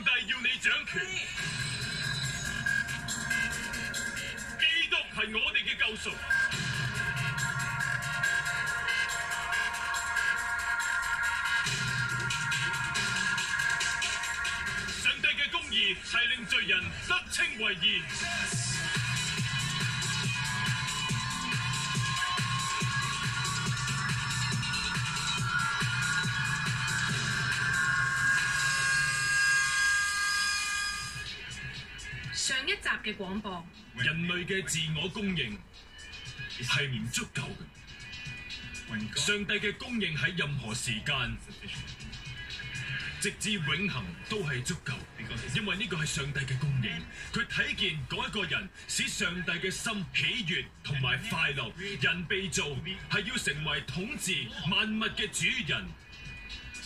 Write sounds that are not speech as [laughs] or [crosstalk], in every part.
上帝要你掌權，基督係我哋嘅救贖，上帝嘅公義係令罪人得稱為義。嘅廣播，人類嘅自我供應係唔足夠，上帝嘅供應喺任何時間，直至永恆都係足夠，因為呢個係上帝嘅供應，佢睇見嗰一個人，使上帝嘅心喜悅同埋快樂。人被造係要成為統治萬物嘅主人。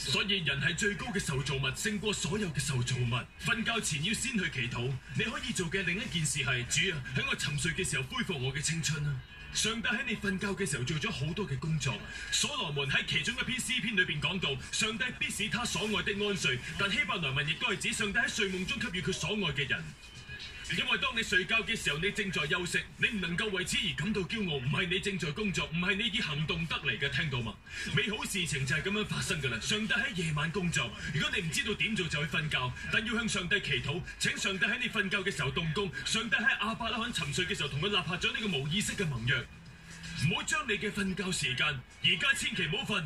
所以人係最高嘅受造物，勝過所有嘅受造物。瞓覺前要先去祈禱。你可以做嘅另一件事係，主啊，喺我沉睡嘅時候恢復我嘅青春啊！上帝喺你瞓覺嘅時候做咗好多嘅工作。所羅門喺其中一篇詩篇裏邊講到，上帝必使他所愛的安睡，但希伯來文亦都係指上帝喺睡夢中給予佢所愛嘅人。因為當你睡覺嘅時候，你正在休息，你唔能夠為此而感到驕傲，唔係你正在工作，唔係你以行動得嚟嘅，聽到嘛？美好事情就係咁樣發生噶啦。上帝喺夜晚工作，如果你唔知道點做就去瞓覺，但要向上帝祈禱，請上帝喺你瞓覺嘅時候動工。上帝喺亞伯拉罕沉睡嘅時候，同佢立下咗呢個無意識嘅盟約，唔好將你嘅瞓覺時間，而家千祈唔好瞓。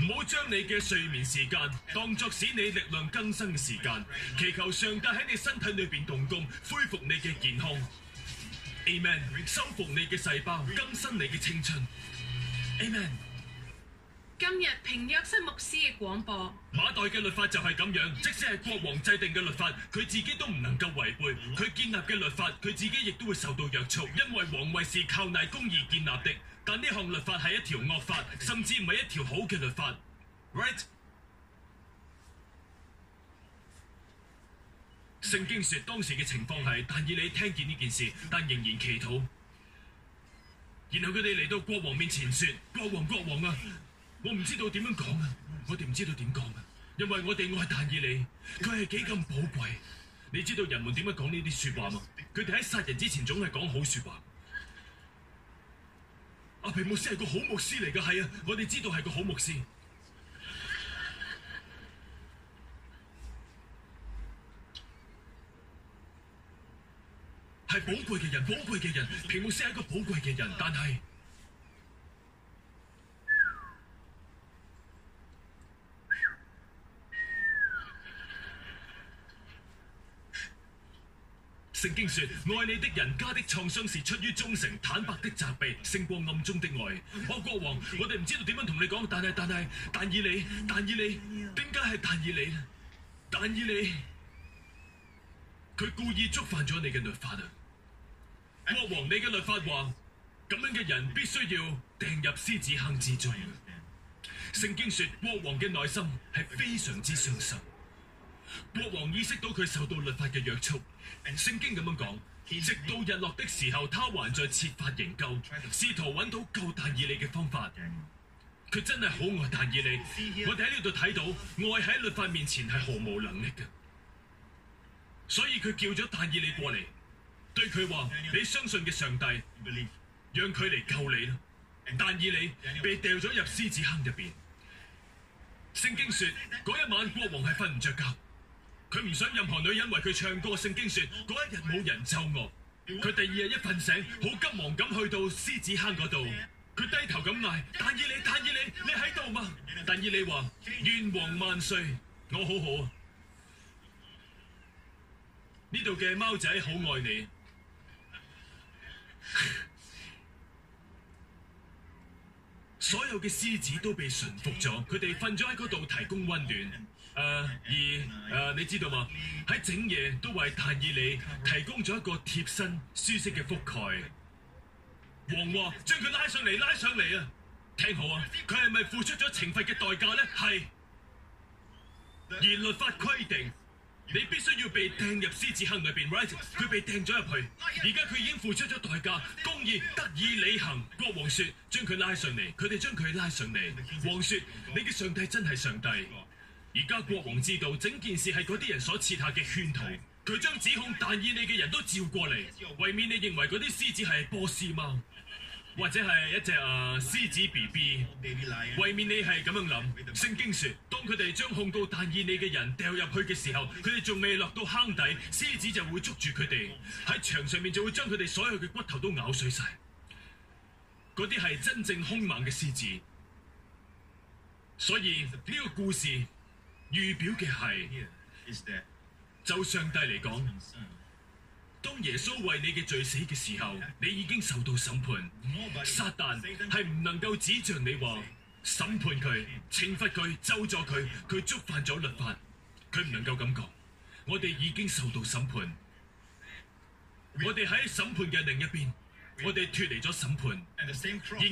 唔好將你嘅睡眠時間當作使你力量更新嘅時間，祈求上帝喺你身體裏邊動工，恢復你嘅健康。Amen，修復你嘅細胞，更新你嘅青春。Amen。今日平約瑟牧師嘅廣播。馬代嘅律法就係咁樣，即使係國王制定嘅律法，佢自己都唔能夠違背，佢建立嘅律法，佢自己亦都會受到約束，因為皇位是靠公義而建立的。但呢項律法係一條惡法，甚至唔係一條好嘅律法。Right，聖經說當時嘅情況係但以理聽見呢件事，但仍然祈禱。然後佢哋嚟到國王面前說：國王，國王啊，我唔知道點樣講啊，我哋唔知道點講啊，因為我哋愛但以理，佢係幾咁寶貴。你知道人們點樣講呢啲說話嘛？佢哋喺殺人之前總係講好說話。阿皮、啊、姆斯係個好牧師嚟㗎，係啊，我哋知道係個好牧師，係寶 [laughs] 貴嘅人，寶貴嘅人，皮姆斯係一個寶貴嘅人，但係。聖經說，愛你的人家的創傷是出於忠誠、坦白的責備，勝過暗中的愛。我、 [laughs] 哦、國王，我哋唔知道點樣同你講，但係但係但以理，但以理，點解係但以理？但以理，佢故意觸犯咗你嘅律法啦。國王，你嘅律法話，咁樣嘅人必須要掟入獅子坑之中。聖經說，國王嘅內心係非常之傷心。國王意識到佢受到律法嘅約束，聖經咁樣講，直到日落的時候，他還在設法營救，試圖揾到救但以理嘅方法。佢真係好愛但以理，我哋喺呢度睇到愛喺律法面前係毫無能力嘅，所以佢叫咗但以理過嚟，對佢話，你相信嘅上帝，讓佢嚟救你啦。但以理被掉咗入獅子坑入邊，聖經說嗰一晚國王係瞓唔着覺。佢唔想任何女人為佢唱歌。聖經說，嗰一日冇人奏樂。佢第二日一瞓醒，好急忙咁去到獅子坑嗰度。佢低頭咁嗌：但以理，但以理，你喺度嗎？但以理話：願王萬歲，我好好啊。呢度嘅貓仔好愛你。所有嘅獅子都被馴服咗，佢哋瞓咗喺嗰度提供溫暖。誒。而誒、呃，你知道嗎？喺整夜都為但以理提供咗一個貼身舒適嘅覆蓋。王話將佢拉上嚟，拉上嚟啊！聽好啊，佢係咪付出咗懲罰嘅代價咧？係。而律法規定，你必須要被掟入獅子坑裏邊。right 佢被掟咗入去，而家佢已經付出咗代價。公義，得以履行。國王說，將佢拉上嚟。佢哋將佢拉上嚟。王說，你嘅上帝真係上帝。而家國王知道整件事係嗰啲人所設下嘅圈套，佢將指控但以理嘅人都召過嚟。為免你認為嗰啲獅子係波斯貓，或者係一隻啊、呃、獅子 B B，為免你係咁樣諗。聖經說，當佢哋將控告但以理嘅人掉入去嘅時候，佢哋仲未落到坑底，獅子就會捉住佢哋喺牆上面，就會將佢哋所有嘅骨頭都咬碎晒。嗰啲係真正凶猛嘅獅子，所以呢、這個故事。預表嘅係就上帝嚟講，當耶穌為你嘅罪死嘅時候，你已經受到審判。撒旦係唔能夠指着你話審判佢、懲罰佢、咒詛佢，佢觸犯咗律法，佢唔能夠咁講。我哋已經受到審判，我哋喺審判嘅另一邊。我哋脱離咗審判，而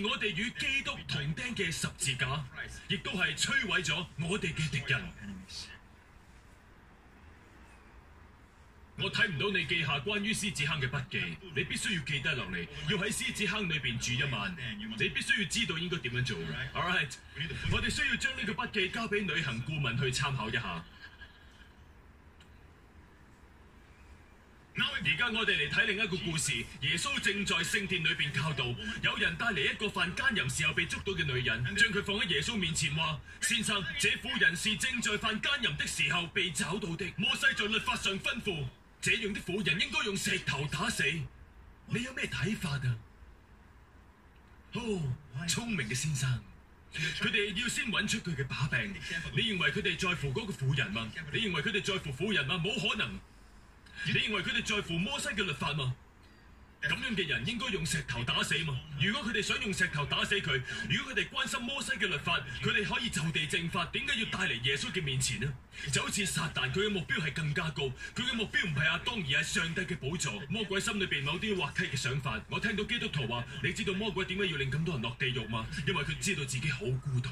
我哋與基督同釘嘅十字架，亦都係摧毀咗我哋嘅敵人。我睇唔到你記下關於獅子坑嘅筆記，你必須要記得落嚟，要喺獅子坑裏邊住一晚。你必須要知道應該點樣做。All right，我哋需要將呢個筆記交俾旅行顧問去參考一下。而家我哋嚟睇另一個故事，耶穌正在聖殿裏邊教導，有人帶嚟一個犯奸淫時候，被捉到嘅女人，將佢放喺耶穌面前話：先生，這婦人是正在犯奸淫的時候被找到的。摩西在律法上吩咐，這樣的婦人應該用石頭打死。What? 你有咩睇法啊？哦，聰明嘅先生，佢哋要先揾出佢嘅把柄。你認為佢哋在乎嗰個婦人嗎？What? 你認為佢哋在乎婦人嗎？冇 What? 可能。你認為佢哋在乎摩西嘅律法嘛？咁樣嘅人應該用石頭打死嘛？如果佢哋想用石頭打死佢，如果佢哋關心摩西嘅律法，佢哋可以就地正法，點解要帶嚟耶穌嘅面前呢？就好似撒旦，佢嘅目標係更加高，佢嘅目標唔係亞當，而係上帝嘅寶座。魔鬼心裏邊某啲滑稽嘅想法，我聽到基督徒話，你知道魔鬼點解要令咁多人落地獄嘛？因為佢知道自己好孤獨。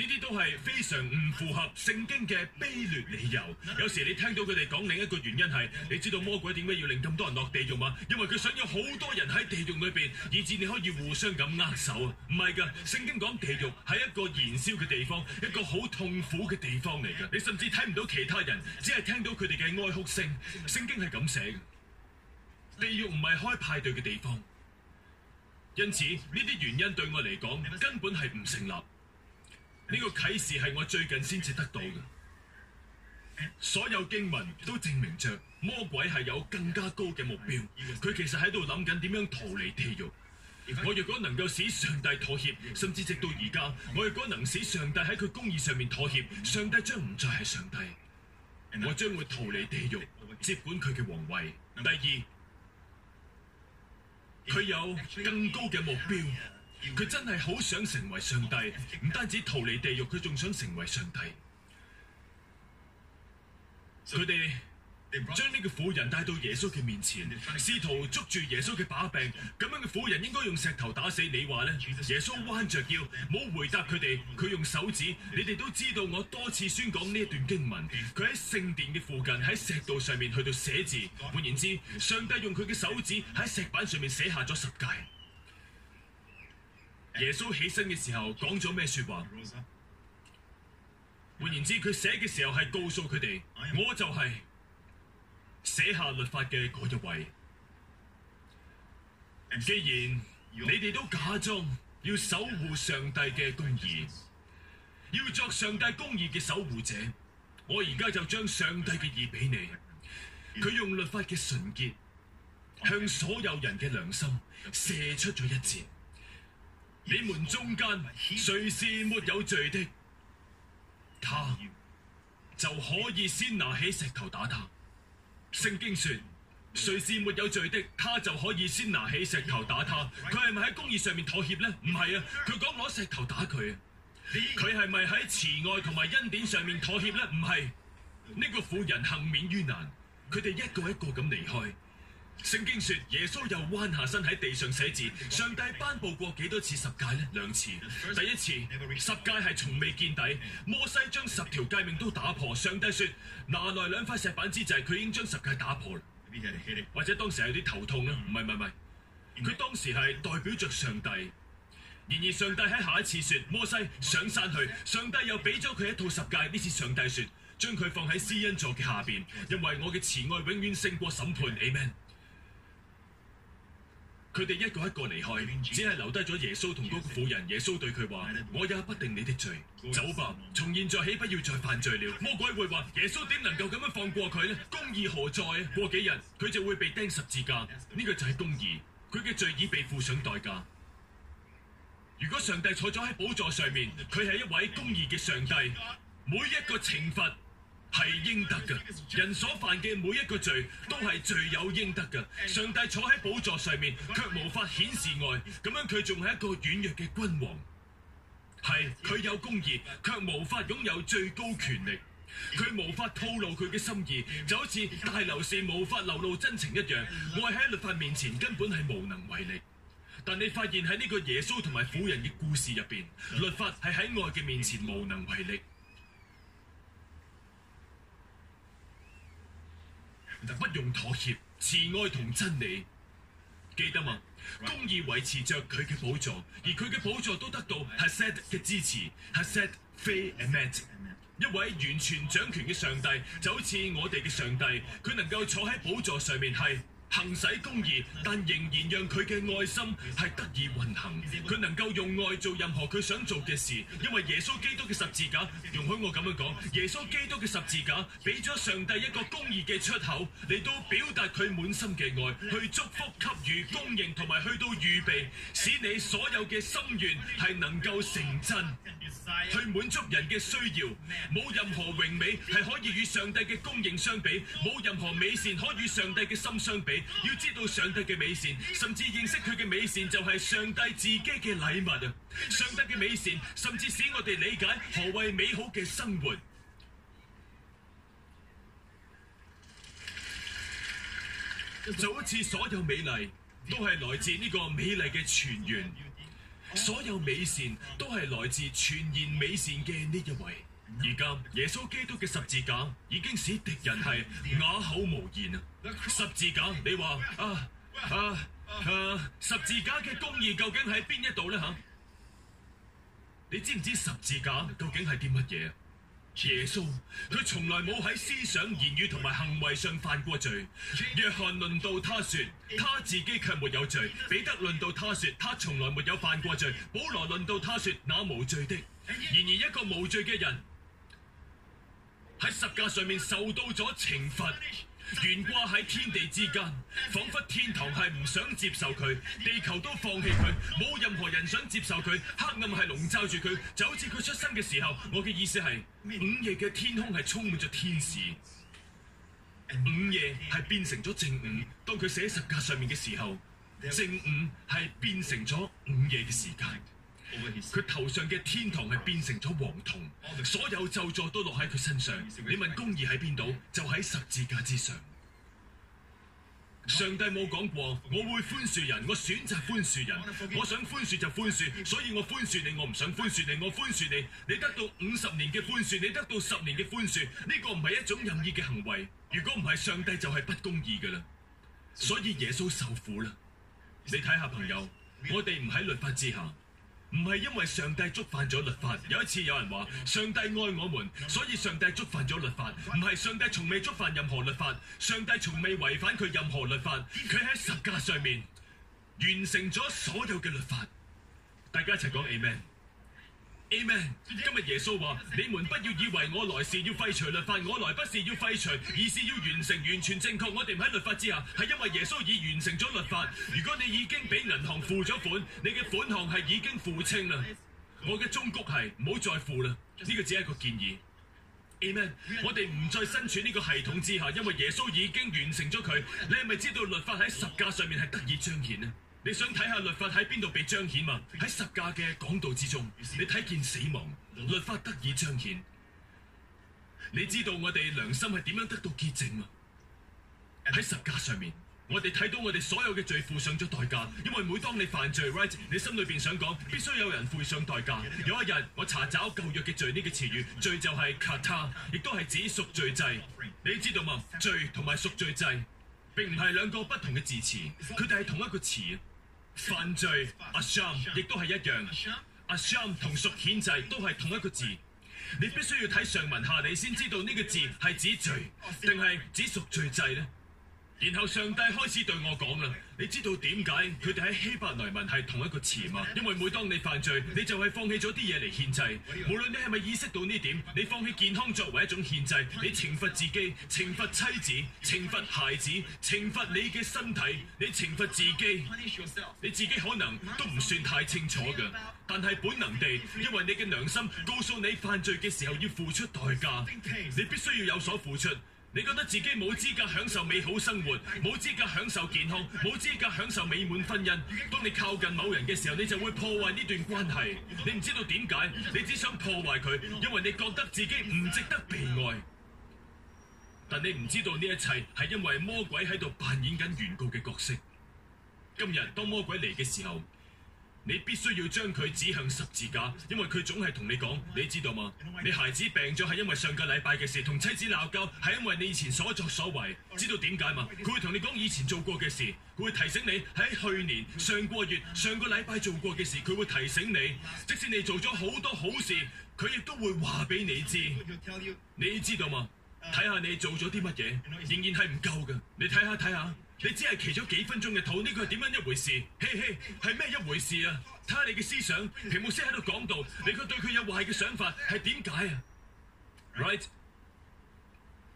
呢啲都係非常唔符合聖經嘅卑劣理由。有時你聽到佢哋講另一個原因係，你知道魔鬼點解要令咁多人落地獄嘛、啊？因為佢想要好多人喺地獄裏邊，以至你可以互相咁握手啊！唔係噶，聖經講地獄係一個燃燒嘅地方，一個好痛苦嘅地方嚟噶。你甚至睇唔到其他人，只係聽到佢哋嘅哀哭聲。聖經係咁寫嘅，地獄唔係開派對嘅地方。因此呢啲原因對我嚟講根本係唔成立。呢個啟示係我最近先至得到嘅。所有經文都證明着魔鬼係有更加高嘅目標，佢其實喺度諗緊點樣逃離地獄。我若果能夠使上帝妥協，甚至直到而家，我若果能使上帝喺佢公義上面妥協，上帝將唔再係上帝，我將會逃離地獄，接管佢嘅皇位。第二，佢有更高嘅目標。佢真係好想成為上帝，唔單止逃離地獄，佢仲想成為上帝。佢哋 So, 將呢個婦人帶到耶穌嘅面前，試圖捉住耶穌嘅把柄。咁樣嘅婦人應該用石頭打死，你話呢？耶穌彎着腰，冇回答佢哋。佢用手指，你哋都知道我多次宣講呢一段經文。佢喺聖殿嘅附近，喺石道上面去到寫字。換言之，上帝用佢嘅手指喺石板上面寫下咗十誡。耶穌起身嘅時候講咗咩說話？換言之，佢寫嘅時候係告訴佢哋，我就係寫下律法嘅嗰一位。既然你哋都假裝要守護上帝嘅公義，要作上帝公義嘅守護者，我而家就將上帝嘅義俾你。佢用律法嘅純潔，向所有人嘅良心射出咗一箭。你們中間誰是沒有罪的，他就可以先拿起石頭打他。聖經說，誰是沒有罪的，他就可以先拿起石頭打他。佢係咪喺公義上面妥協咧？唔係啊，佢講攞石頭打佢啊。佢係咪喺慈愛同埋恩典上面妥協咧？唔係。呢個婦人幸免於難，佢哋一個一個咁離開。聖經說，耶穌又彎下身喺地上寫字。上帝頒布過幾多次十戒呢？兩次。第一次，十戒係從未見底。摩西將十條戒命都打破。上帝說：拿來兩塊石板之際，佢已經將十戒打破。或者當時有啲頭痛啦。唔係，唔係，唔係，佢當時係代表着上帝。然而上帝喺下一次說：摩西上山去。上帝又俾咗佢一套十戒。呢次上帝說：將佢放喺施恩座嘅下邊，因為我嘅慈愛永遠勝過審判。Amen。佢哋一個一個離開，只係留低咗耶穌同嗰個婦人。耶穌對佢話：我也不定你的罪，走吧，從現在起不要再犯罪了。魔鬼會話：耶穌點能夠咁樣放過佢呢？公義何在？過幾日佢就會被釘十字架。呢個就係公義，佢嘅罪已被付上代價。如果上帝坐咗喺寶座上面，佢係一位公義嘅上帝，每一個懲罰。係應得噶，人所犯嘅每一個罪都係罪有應得噶。上帝坐喺寶座上面，卻無法顯示愛，咁樣佢仲係一個軟弱嘅君王。係佢有公義，卻無法擁有最高權力，佢無法吐露佢嘅心意，就好似大流士無法流露真情一樣。愛喺律法面前根本係無能為力。但你發現喺呢個耶穌同埋婦人嘅故事入邊，律法係喺愛嘅面前無能為力。不用妥協，慈愛同真理，記得嘛？Right. 公義維持着佢嘅寶座，而佢嘅寶座都得到哈塞德嘅支持。哈塞德非 ament，一位完全掌權嘅上帝，就好似我哋嘅上帝，佢能夠坐喺寶座上面去。行使公義，但仍然讓佢嘅愛心係得以運行。佢能夠用愛做任何佢想做嘅事，因為耶穌基督嘅十字架。容許我咁樣講，耶穌基督嘅十字架俾咗上帝一個公義嘅出口，嚟到表達佢滿心嘅愛，去祝福、給予、供應同埋去到預備，使你所有嘅心願係能夠成真，去滿足人嘅需要。冇任何榮美係可以與上帝嘅供應相比，冇任何美善可以與上帝嘅心相比。要知道上帝嘅美善，甚至認識佢嘅美善就係上帝自己嘅禮物啊！上帝嘅美善，甚至使我哋理解何謂美好嘅生活。就好似所有美麗都係來自呢個美麗嘅泉源，所有美善都係來自全然美善嘅呢一位。而家耶穌基督嘅十字架已經使敵人係啞口無言啊，啊,啊！十字架，你話啊啊啊！十字架嘅公義究竟喺邊一度呢？吓，你知唔知十字架究竟係啲乜嘢？耶穌佢從來冇喺思想、言語同埋行為上犯過罪。約翰論到他說，他自己卻沒有罪；彼得論到他說，他從來沒有犯過罪；保羅論到他說，那無罪的。然而一個無罪嘅人。喺十架上面受到咗懲罰，懸掛喺天地之間，仿佛天堂係唔想接受佢，地球都放棄佢，冇任何人想接受佢，黑暗係籠罩住佢，就好似佢出生嘅時候，我嘅意思係午夜嘅天空係充滿咗天使，午夜係變成咗正午，當佢寫喺十架上面嘅時候，正午係變成咗午夜嘅時間。佢頭上嘅天堂係變成咗黃銅，所有咒詛，都落喺佢身上。你問公義喺邊度？就喺十字架之上。上帝冇講過我會寬恕人，我選擇寬恕人，我想寬恕就寬恕，所以我寬恕你，我唔想寬恕你，我寬恕你。你得到五十年嘅寬恕，你得到十年嘅寬恕，呢、這個唔係一種任意嘅行為。如果唔係，上帝就係不公義㗎喇。所以耶穌受苦啦。你睇下朋友，我哋唔喺律法之下。唔係因為上帝觸犯咗律法。有一次有人話上帝愛我們，所以上帝觸犯咗律法。唔係上帝從未觸犯任何律法，上帝從未違反佢任何律法。佢喺十架上面完成咗所有嘅律法。大家一齊講 Amen。Amen，今日耶穌話：，你們不要以為我來是要廢除律法，我來不是要廢除，而是要完成，完全正確。我哋唔喺律法之下，係因為耶穌已完成咗律法。如果你已經俾銀行付咗款，你嘅款項係已經付清啦。我嘅忠告係唔好再付啦。呢、這個只係一個建議。Amen，, Amen. 我哋唔再身處呢個系統之下，因為耶穌已經完成咗佢。你係咪知道律法喺十架上面係得以彰顯呢？你想睇下律法喺邊度被彰顯啊？喺十架嘅講道之中，你睇見死亡，律法得以彰顯。你知道我哋良心係點樣得到潔淨啊？喺十架上面，我哋睇到我哋所有嘅罪付上咗代價。因為每當你犯罪 right，你心裏邊想講，必須有人付上代價。有一日，我查找舊約嘅罪呢個詞語，罪就係 kata，亦都係指贖罪祭。你知道嘛？罪同埋贖罪祭並唔係兩個不同嘅字詞，佢哋係同一個詞。犯罪，阿 Sam 亦都係一樣，阿 Sam 同贖罪祭都係同一個字，你必須要睇上文下理先知道呢個字係指罪定係指贖罪祭咧。然後上帝開始對我講啦，你知道點解佢哋喺希伯來文係同一個詞嘛？因為每當你犯罪，你就係放棄咗啲嘢嚟獻祭，無論你係咪意識到呢點，你放棄健康作為一種獻祭，你懲罰自己，懲罰妻子，懲罰孩子，懲罰你嘅身體，你懲罰自己，你自己可能都唔算太清楚㗎，但係本能地，因為你嘅良心告訴你犯罪嘅時候要付出代價，你必須要有所付出。你覺得自己冇資格享受美好生活，冇資格享受健康，冇資格享受美滿婚姻。當你靠近某人嘅時候，你就會破壞呢段關係。你唔知道點解，你只想破壞佢，因為你覺得自己唔值得被愛。但你唔知道呢一切係因為魔鬼喺度扮演緊原告嘅角色。今日當魔鬼嚟嘅時候。你必須要將佢指向十字架，因為佢總係同你講，你知道嘛？你孩子病咗係因為上個禮拜嘅事，同妻子鬧交係因為你以前所作所為，知道點解嘛？佢會同你講以前做過嘅事，佢會提醒你喺去年、上個月、上個禮拜做過嘅事，佢會提醒你，即使你做咗好多好事，佢亦都會話俾你知。你知道嘛？睇下你做咗啲乜嘢，仍然係唔夠㗎。你睇下睇下。看看你只係騎咗幾分鐘嘅肚，呢個係點樣一回事？嘿嘿，係咩一回事啊？睇下你嘅思想，平牧師喺度講道，你佢對佢有壞嘅想法，係點解啊？Right，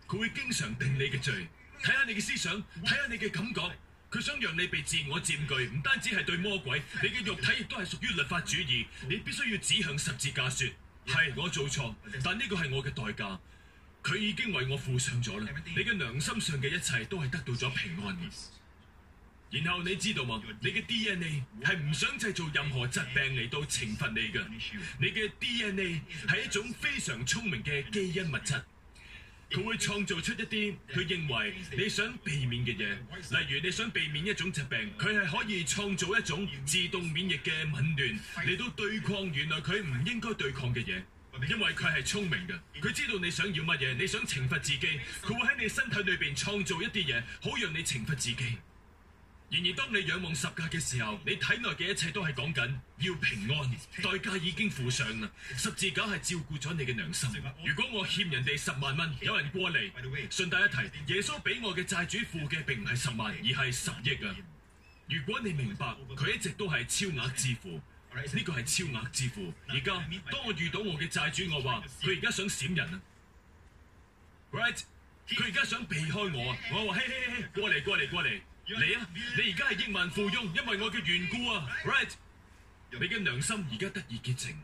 佢會經常定你嘅罪，睇下你嘅思想，睇下你嘅感覺，佢想讓你被自我占據，唔單止係對魔鬼，你嘅肉體亦都係屬於律法主義，你必須要指向十字架說，係 Yeah. 我做錯，但呢個係我嘅代價。佢已經為我付上咗啦，你嘅良心上嘅一切都係得到咗平安。然後你知道嗎？你嘅 DNA 係唔想製造任何疾病嚟到懲罰你㗎。你嘅 DNA 係一種非常聰明嘅基因物質，佢會創造出一啲佢認為你想避免嘅嘢，例如你想避免一種疾病，佢係可以創造一種自動免疫嘅紊亂嚟到對抗原來佢唔應該對抗嘅嘢。因為佢係聰明嘅，佢知道你想要乜嘢，你想懲罰自己，佢會喺你身體裏邊創造一啲嘢，好讓你懲罰自己。然而當你仰望十架嘅時候，你體內嘅一切都係講緊要平安，代價已經付上啦。十字架係照顧咗你嘅良心。如果我欠人哋十萬蚊，有人過嚟，順帶一提，耶穌俾我嘅債主付嘅並唔係十萬，而係十億啊！如果你明白，佢一直都係超額支付。呢個係超額支付。而家當我遇到我嘅債主，我話佢而家想閃人啊！Right，佢而家想避開我 You 're 啊！我話：嘿嘿嘿，過嚟過嚟過嚟，你啊！你而家係億萬富翁，因為我嘅緣故啊！Right，你嘅良心而家得以潔淨。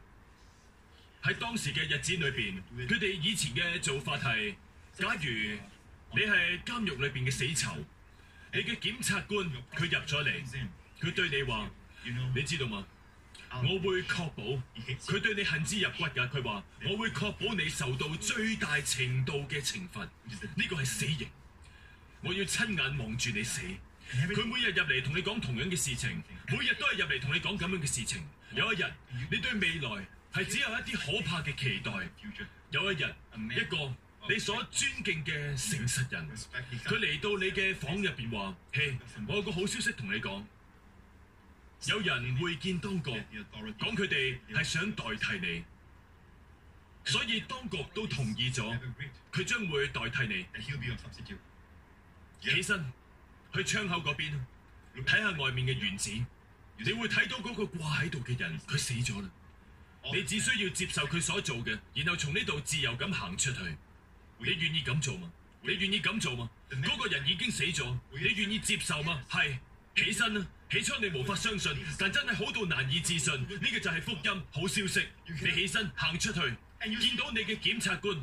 喺當時嘅日子裏邊，佢哋以前嘅做法係：假如你係監獄裏邊嘅死囚，你嘅檢察官佢入咗嚟，佢對你話：你知道嘛？我會確保佢對你恨之入骨噶。佢話我會確保你受到最大程度嘅懲罰，呢、這個係死刑。我要親眼望住你死。佢 Yeah. 每日入嚟同你講同樣嘅事情，每日都係入嚟同你講咁樣嘅事情。Oh. 有一日，你對未來係只有一啲可怕嘅期待。有一日，A man. 一個你所尊敬嘅誠實人，佢嚟 Yeah. 到你嘅房入邊話：嘿，hey, 我有個好消息同你講。有人會見當局，講佢哋係想代替你，所以當局都同意咗，佢將會代替你。起身去窗口嗰邊，睇下外面嘅原子，你會睇到嗰個掛喺度嘅人，佢死咗啦。你只需要接受佢所做嘅，然後從呢度自由咁行出去。你願意咁做嘛？你願意咁做嘛？嗰個人已經死咗，你願意接受嘛？係，起身啦。起初，你無法相信但真係好到難以置信，呢個就係福音，好消息。你起身行出去，And you 見到你嘅檢察官，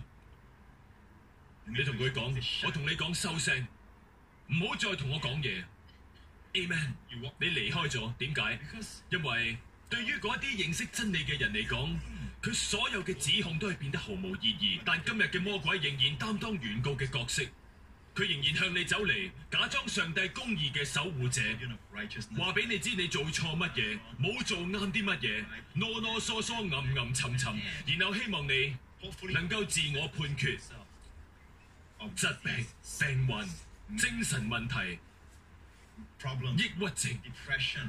你同佢講：我同你講收聲，唔好再同我講嘢。Amen。walk 你離開咗，點解？Because 因為對於嗰啲認識真理嘅人嚟講，佢、hmm. 所有嘅指控都係變得毫無意義。但今日嘅魔鬼仍然擔當原告嘅角色。佢仍然向你走嚟，假裝上帝公義嘅守護者，話俾你知你做錯乜嘢，冇做啱啲乜嘢，囉囉嗦嗦，暗暗沉沉，然後希望你能夠自我判決。疾病、病患、精神問題、抑鬱症，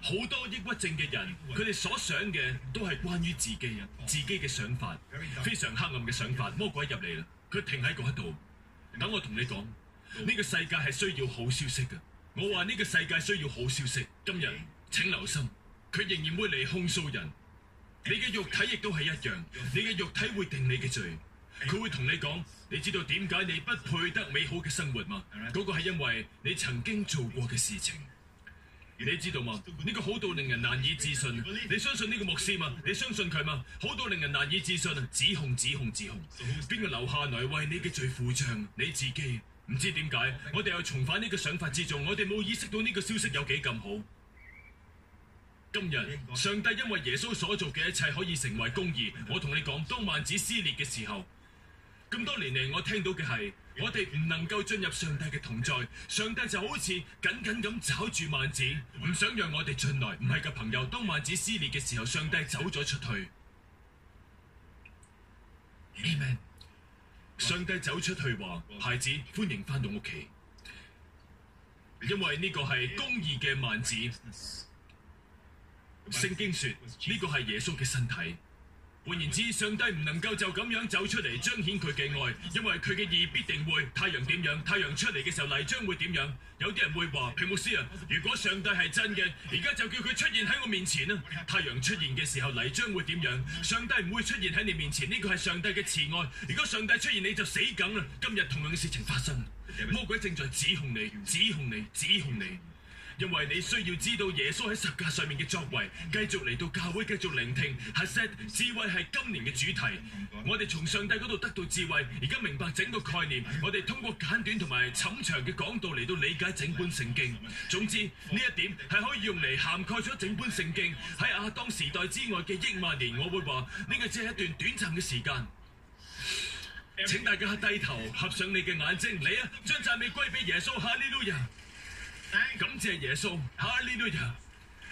好多抑鬱症嘅人，佢哋所想嘅都係關於自己，自己嘅想法，非常黑暗嘅想法。魔鬼入嚟啦，佢停喺嗰一度，等我同你講。呢個世界係需要好消息噶，我話呢個世界需要好消息。今日請留心，佢仍然會嚟控訴人。你嘅肉體亦都係一樣，你嘅肉體會定你嘅罪。佢會同你講，你知道點解你不配得美好嘅生活嗎？嗰個係因為你曾經做過嘅事情。你知道嗎？呢個好到令人難以置信。你相信呢個牧師嗎？你相信佢嗎？好到令人難以置信，指控指控，指控，邊個留下來為你嘅罪付賬？你自己。唔知點解，我哋又重返呢個想法之中，我哋冇意識到呢個消息有幾咁好。今日上帝因為耶穌所做嘅一切可以成為公義，我同你講，當幔子撕裂嘅時候，咁多年嚟我聽到嘅係我哋唔能夠進入上帝嘅同在，上帝就好似緊緊咁抓住幔子，唔想讓我哋進來。唔係嘅，朋友，當幔子撕裂嘅時候，上帝走咗出去。Amen。上帝走出去話：孩子，歡迎翻到屋企，因為呢個係公義嘅萬子。聖經說呢個係耶穌嘅身體。換言之，上帝唔能夠就咁樣走出嚟彰顯佢嘅愛，因為佢嘅義必定會，太陽點樣？太陽出嚟嘅時候泥漿會點樣？有啲人會話，平牧師啊，如果上帝係真嘅，而家就叫佢出現喺我面前啦。太陽出現嘅時候泥漿會點樣？上帝唔會出現喺你面前，呢個係上帝嘅慈愛。如果上帝出現你就死梗啦。今日同樣嘅事情發生，魔鬼正在指控你，指控你，指控你。因為你需要知道耶穌喺十架上面嘅作為，繼續嚟到教會繼續聆聽。哈，set 智慧係今年嘅主題。我哋從上帝嗰度得到智慧，而家明白整個概念。我哋通過簡短同埋尋長嘅講道嚟到理解整本聖經。總之呢一點係可以用嚟涵蓋咗整本聖經喺亞當時代之外嘅億萬年。我會話呢、這個只係一段短暫嘅時間。請大家低頭合上你嘅眼睛，嚟啊，將讚美歸俾耶穌，哈利路亞。Thank 感謝耶穌，哈利路亞，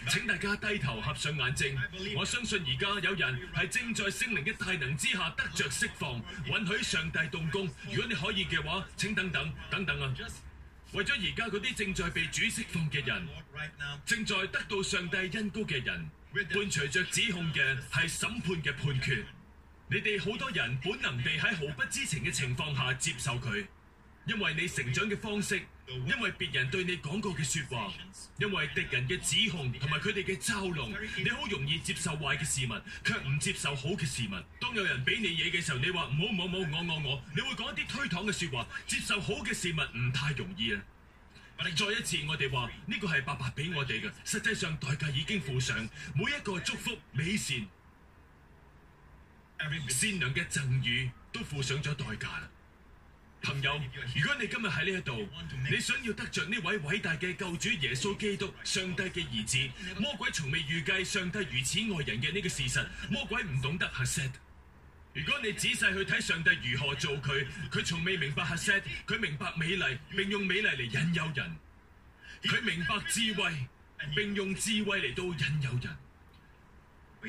請大家低頭合上眼睛。我相信而家有人係正在聖靈嘅大能之下得着釋放，允許上帝動工。如果你可以嘅話，請等等等等啊！為咗而家嗰啲正在被主釋放嘅人，正在得到上帝恩膏嘅人，伴隨着指控嘅係審判嘅判決。你哋好多人本能地喺毫不知情嘅情況下接受佢。因為你成長嘅方式，因為別人對你講過嘅說話，因為敵人嘅指控同埋佢哋嘅嘲弄，你好容易接受壞嘅事物，卻唔接受好嘅事物。當有人俾你嘢嘅時候，你話唔好唔好唔好，我我我，你會講一啲推搪嘅說話。接受好嘅事物唔太容易啊！嚟 But 再一次，我哋話呢個係白白俾我哋嘅，實際上代價已經付上。每一個祝福、美善、善良嘅贈予，都付上咗代價喇。朋友，如果你今日喺呢一度，你想要得着呢位偉大嘅救主耶穌基督，上帝嘅兒子，魔鬼從未預計上帝如此愛人嘅呢個事實，魔鬼唔懂得核實。如果你仔細去睇上帝如何做佢，佢從未明白核實，佢明白美麗並用美麗嚟引誘人，佢明白智慧並用智慧嚟到引誘人，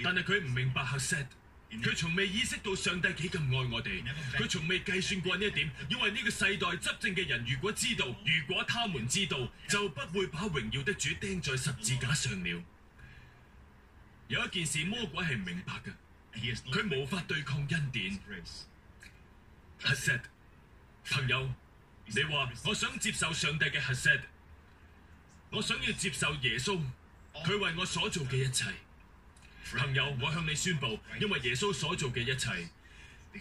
但係佢唔明白核實。佢從未意識到上帝幾咁愛我哋，佢從未計算過呢一點。因為呢個世代執政嘅人如果知道，如果他們知道，就不會把榮耀的主釘在十字架上了。有一件事魔鬼係明白嘅，佢無法對抗恩典。Hasad，朋友，你話我想接受上帝嘅，Hasad，我想要接受耶穌，佢為我所做嘅一切。朋友，我向你宣布，因為耶穌所做嘅一切，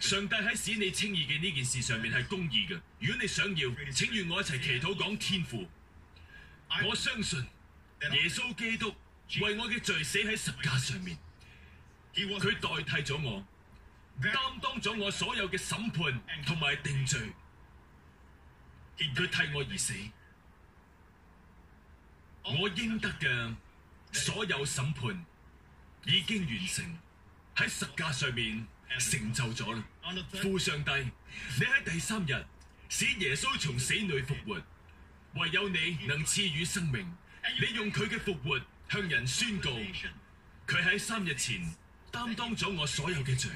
上帝喺使你稱義嘅呢件事上面係公義嘅。如果你想要，請與我一齊祈禱，講，天父。我相信耶穌基督為我嘅罪死喺十架上面，佢代替咗我，擔當咗我所有嘅審判同埋定罪，佢替我而死，我應得嘅所有審判，已經完成喺十架上面成就咗啦。父上帝，你喺第三日使耶穌從死裏復活，唯有你能賜予生命，你用佢嘅復活向人宣告，佢喺三日前擔當咗我所有嘅罪，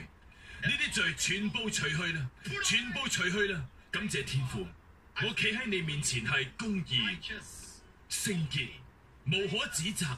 呢啲罪全部除去啦，全部除去啦，感謝天父，我企喺你面前係公義、聖潔、無可指責。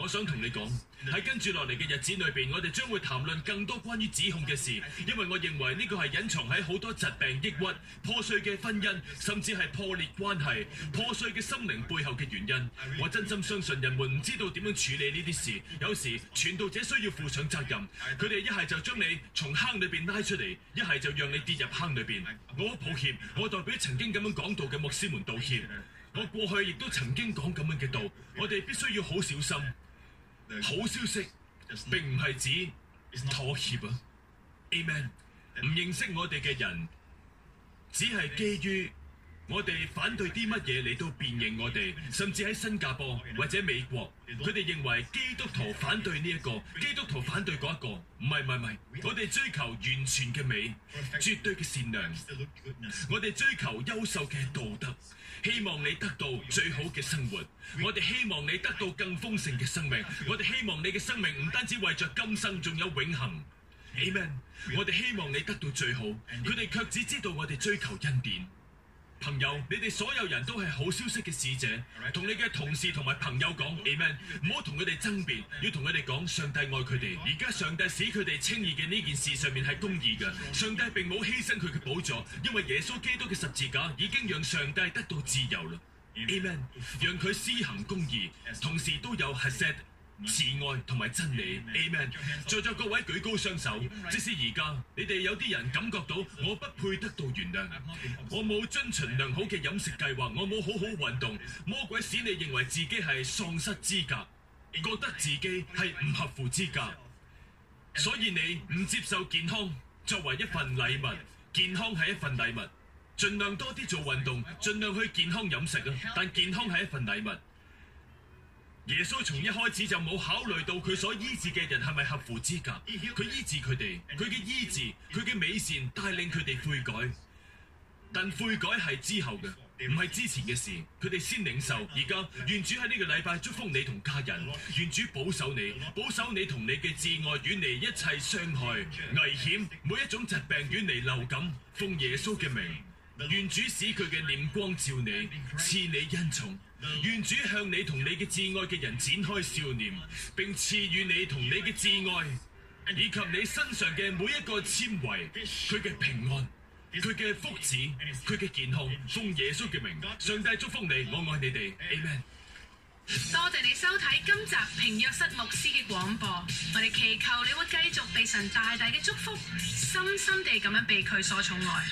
我想同你講，喺跟住落嚟嘅日子裏邊，我哋將會談論更多關於指控嘅事，因為我認為呢個係隱藏喺好多疾病、抑鬱、破碎嘅婚姻，甚至係破裂關係、破碎嘅心靈背後嘅原因。我真心相信人們唔知道點樣處理呢啲事，有時傳道者需要負上責任，佢哋一係就將你從坑裏邊拉出嚟，一係就讓你跌入坑裏邊。我抱歉，我代表曾經咁樣講道嘅牧師們道歉。我過去亦都曾經講咁樣嘅道，我哋必須要好小心。好消息並唔係指妥協啊，Amen！唔 And 認識我哋嘅人，只係基於。我哋反對啲乜嘢，你都辨認我哋。甚至喺新加坡或者美國，佢哋認為基督徒反對呢一個，基督徒反對嗰一個，唔係唔係唔係。我哋追求完全嘅美，絕對嘅善良。我哋追求優秀嘅道德，希望你得到最好嘅生活。我哋希望你得到更豐盛嘅生命。我哋希望你嘅生命唔單止為著今生，仲有永恆。Amen。我哋希望你得到最好，佢哋卻只知道我哋追求恩典。朋友，你哋所有人都係好消息嘅使者，同你嘅同事同埋朋友講，Amen，唔好同佢哋爭辯，要同佢哋講上帝愛佢哋。而家上帝使佢哋稱義嘅呢件事上面係公義嘅，上帝並冇犧牲佢嘅寶座，因為耶穌基督嘅十字架已經讓上帝得到自由啦，Amen，讓佢施行公義，同時都有 h 慈愛同埋真理，Amen。在座各位舉高雙手，即使而家你哋有啲人感覺到，我不配得到原諒，我冇遵循良好嘅飲食計劃，我冇好好運動，魔鬼使你認為自己係喪失資格，覺得自己係唔合乎資格，所以你唔接受健康作為一份禮物。健康係一份禮物，盡量多啲做運動，盡量去健康飲食啊！但健康係一份禮物。耶穌從一開始就冇考慮到佢所醫治嘅人係咪合乎資格，佢醫治佢哋，佢嘅醫治，佢嘅美善帶領佢哋悔改，但悔改係之後嘅，唔係之前嘅事。佢哋先領受。而家願主喺呢個禮拜祝福你同家人，願主保守你，保守你同你嘅摯愛遠離一切傷害、危險，每一種疾病遠離流感，奉耶穌嘅名，願主使佢嘅臉光照你，賜你恩寵。願主向你同你嘅摯愛嘅人展開笑臉，並賜予你同你嘅摯愛以及你身上嘅每一個纖維，佢嘅平安，佢嘅福祉，佢嘅健康。奉耶穌嘅名，上帝祝福你，我愛你哋，Amen。多謝你收睇今集平約瑟牧師嘅廣播，我哋祈求你會繼續被神大大嘅祝福，深深地咁樣被佢所寵愛。